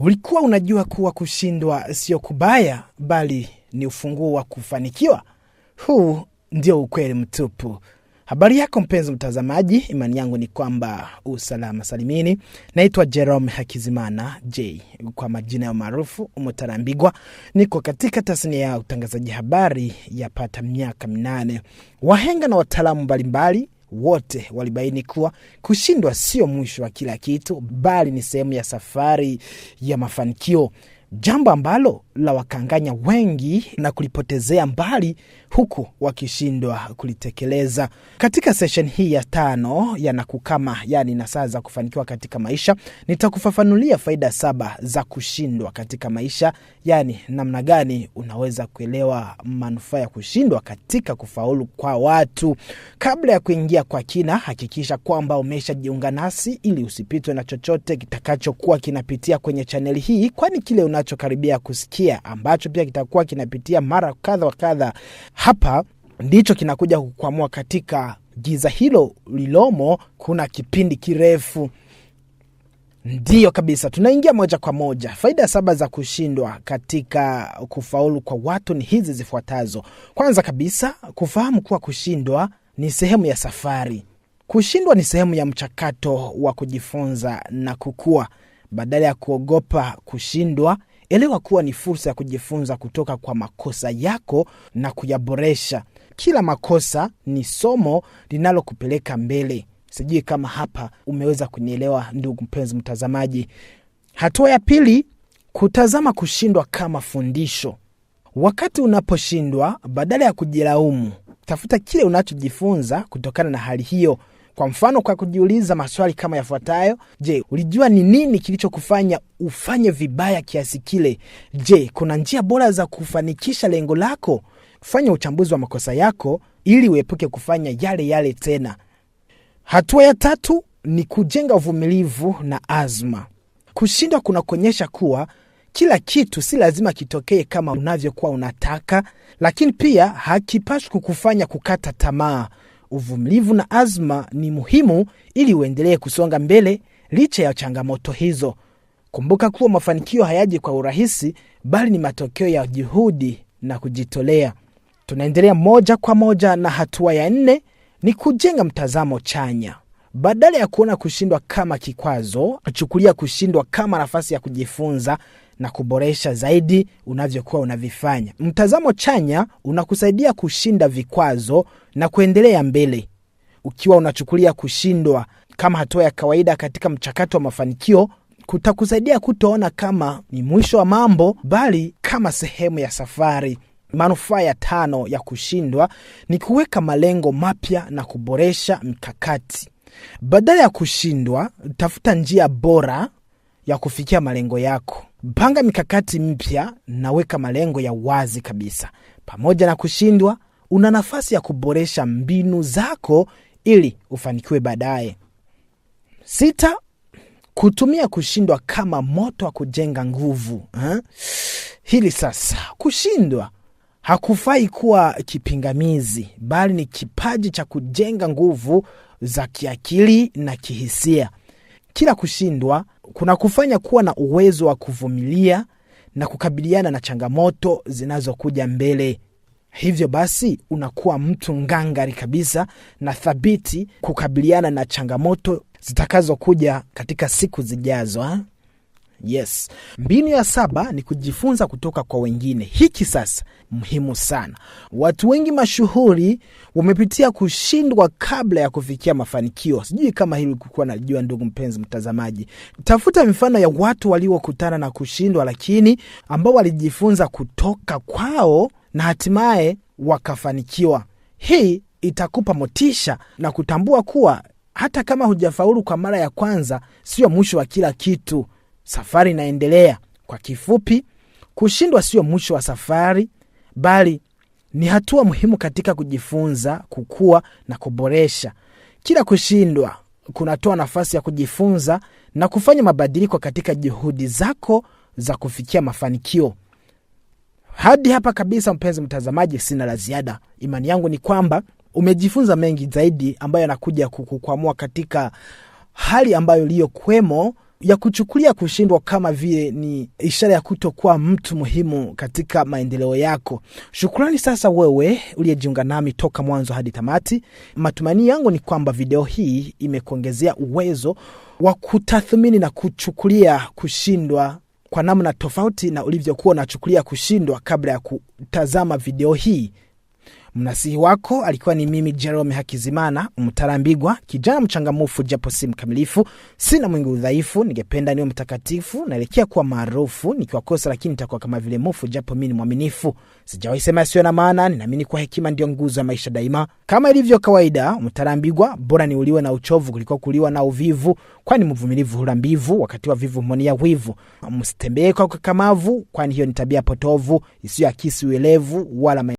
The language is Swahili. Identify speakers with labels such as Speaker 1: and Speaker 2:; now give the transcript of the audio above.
Speaker 1: Ulikuwa unajua kuwa kushindwa sio kubaya, bali ni ufunguo wa kufanikiwa? Huu ndio ukweli mtupu. Habari yako mpenzi mtazamaji, imani yangu ni kwamba usalama salimini. Naitwa Jerome Hakizimana J kwa majina ya maarufu umetarambigwa Niko katika tasnia ya utangazaji habari yapata miaka minane. Wahenga na wataalamu mbalimbali wote walibaini kuwa kushindwa sio mwisho wa kila kitu, bali ni sehemu ya safari ya mafanikio jambo ambalo la wakanganya wengi na kulipotezea mbali huku wakishindwa kulitekeleza. Katika seshen hii ya tano ya Nakukama, yani na saa za kufanikiwa katika maisha, nitakufafanulia faida saba za kushindwa katika maisha, yani namna gani unaweza kuelewa manufaa ya kushindwa katika kufaulu kwa watu. Kabla ya kuingia kwa kina, hakikisha kwamba umeshajiunga nasi ili usipitwe na chochote kitakachokuwa kinapitia kwenye chaneli hii, kwani kile una mnachokaribia kusikia ambacho pia kitakuwa kinapitia mara kadha wa kadha hapa ndicho kinakuja kukwamua katika giza hilo lilomo. Kuna kipindi kirefu, ndiyo kabisa, tunaingia moja kwa moja. Faida saba za kushindwa katika kufaulu kwa watu ni hizi zifuatazo. Kwanza kabisa, kufahamu kuwa kushindwa ni sehemu ya safari. Kushindwa ni sehemu ya mchakato wa kujifunza na kukua. Badala ya kuogopa kushindwa, Elewa kuwa ni fursa ya kujifunza kutoka kwa makosa yako na kuyaboresha. Kila makosa ni somo linalokupeleka mbele. Sijui kama hapa umeweza kunielewa, ndugu mpenzi mtazamaji. Hatua ya pili, kutazama kushindwa kama fundisho. Wakati unaposhindwa, badala ya kujilaumu, tafuta kile unachojifunza kutokana na hali hiyo. Kwa mfano, kwa kujiuliza maswali kama yafuatayo: Je, ulijua ni nini kilichokufanya ufanye vibaya kiasi kile? Je, kuna njia bora za kufanikisha lengo lako? Fanya uchambuzi wa makosa yako ili uepuke kufanya yale yale tena. Hatua ya tatu ni kujenga uvumilivu na azma. Kushindwa kunakuonyesha kuwa kila kitu si lazima kitokee kama unavyokuwa unataka, lakini pia hakipaswi kukufanya kukata tamaa uvumilivu na azma ni muhimu ili uendelee kusonga mbele licha ya changamoto hizo. Kumbuka kuwa mafanikio hayaji kwa urahisi, bali ni matokeo ya juhudi na kujitolea. Tunaendelea moja kwa moja na hatua ya nne ni kujenga mtazamo chanya. Badala ya kuona kushindwa kama kikwazo, chukulia kushindwa kama nafasi ya kujifunza na kuboresha zaidi unavyokuwa unavifanya. Mtazamo chanya unakusaidia kushinda vikwazo na kuendelea mbele. Ukiwa unachukulia kushindwa kama hatua ya kawaida katika mchakato wa mafanikio, kutakusaidia kutoona kama ni mwisho wa mambo, bali kama sehemu ya safari. Manufaa ya tano ya kushindwa ni kuweka malengo mapya na kuboresha mkakati. Badala ya kushindwa, tafuta njia bora ya kufikia malengo yako. Panga mikakati mpya naweka malengo ya wazi kabisa. Pamoja na kushindwa, una nafasi ya kuboresha mbinu zako ili ufanikiwe baadaye. Sita, kutumia kushindwa kama moto wa kujenga nguvu ha? Hili sasa, kushindwa hakufai kuwa kipingamizi, bali ni kipaji cha kujenga nguvu za kiakili na kihisia. Kila kushindwa kuna kufanya kuwa na uwezo wa kuvumilia na kukabiliana na changamoto zinazokuja mbele. Hivyo basi unakuwa mtu ngangari kabisa na thabiti kukabiliana na changamoto zitakazokuja katika siku zijazo ha? Yes. Mbinu ya saba ni kujifunza kutoka kwa wengine. Hiki sasa muhimu sana. Watu wengi mashuhuri wamepitia kushindwa kabla ya kufikia mafanikio. Sijui kama hili kukuwa najua, ndugu mpenzi mtazamaji, tafuta mifano ya watu waliokutana na kushindwa, lakini ambao walijifunza kutoka kwao na hatimaye wakafanikiwa. Hii itakupa motisha na kutambua kuwa hata kama hujafaulu kwa mara ya kwanza, sio mwisho wa kila kitu safari inaendelea. Kwa kifupi, kushindwa sio mwisho wa safari, bali ni hatua muhimu katika kujifunza, kukua na kuboresha. Kila kushindwa kunatoa nafasi ya kujifunza na kufanya mabadiliko katika juhudi zako za kufikia mafanikio. Hadi hapa kabisa, mpenzi mtazamaji, sina la ziada. Imani yangu ni kwamba umejifunza mengi zaidi ambayo yanakuja kukukwamua katika hali ambayo iliyokwemo ya kuchukulia kushindwa kama vile ni ishara ya kutokuwa mtu muhimu katika maendeleo yako. Shukrani sasa wewe uliyejiunga nami toka mwanzo hadi tamati. Matumaini yangu ni kwamba video hii imekuongezea uwezo wa kutathmini na kuchukulia kushindwa kwa namna tofauti na ulivyokuwa unachukulia kushindwa kabla ya kutazama video hii. Mnasihi wako alikuwa ni mimi Jerome Hakizimana Mtarambigwa, kijana mchangamfu japo si mkamilifu, sina mwingi udhaifu, ningependa niwe mtakatifu, naelekea kuwa maarufu, nikiwakosa lakini nitakuwa kama vile mufu, japo mi ni mwaminifu. Sijawahi sema yasiyo na maana, ninaamini kuwa hekima ndio nguzo ya maisha daima. Kama ilivyo kawaida, Mtarambigwa, bora ni uliwe na uchovu kuliko kuliwa na uvivu, kwani mvumilivu hula mbivu, wakati wa vivu humonia wivu. Msitembee kwa kakamavu, kwani hiyo ni tabia potovu isiyo akisi uelevu wala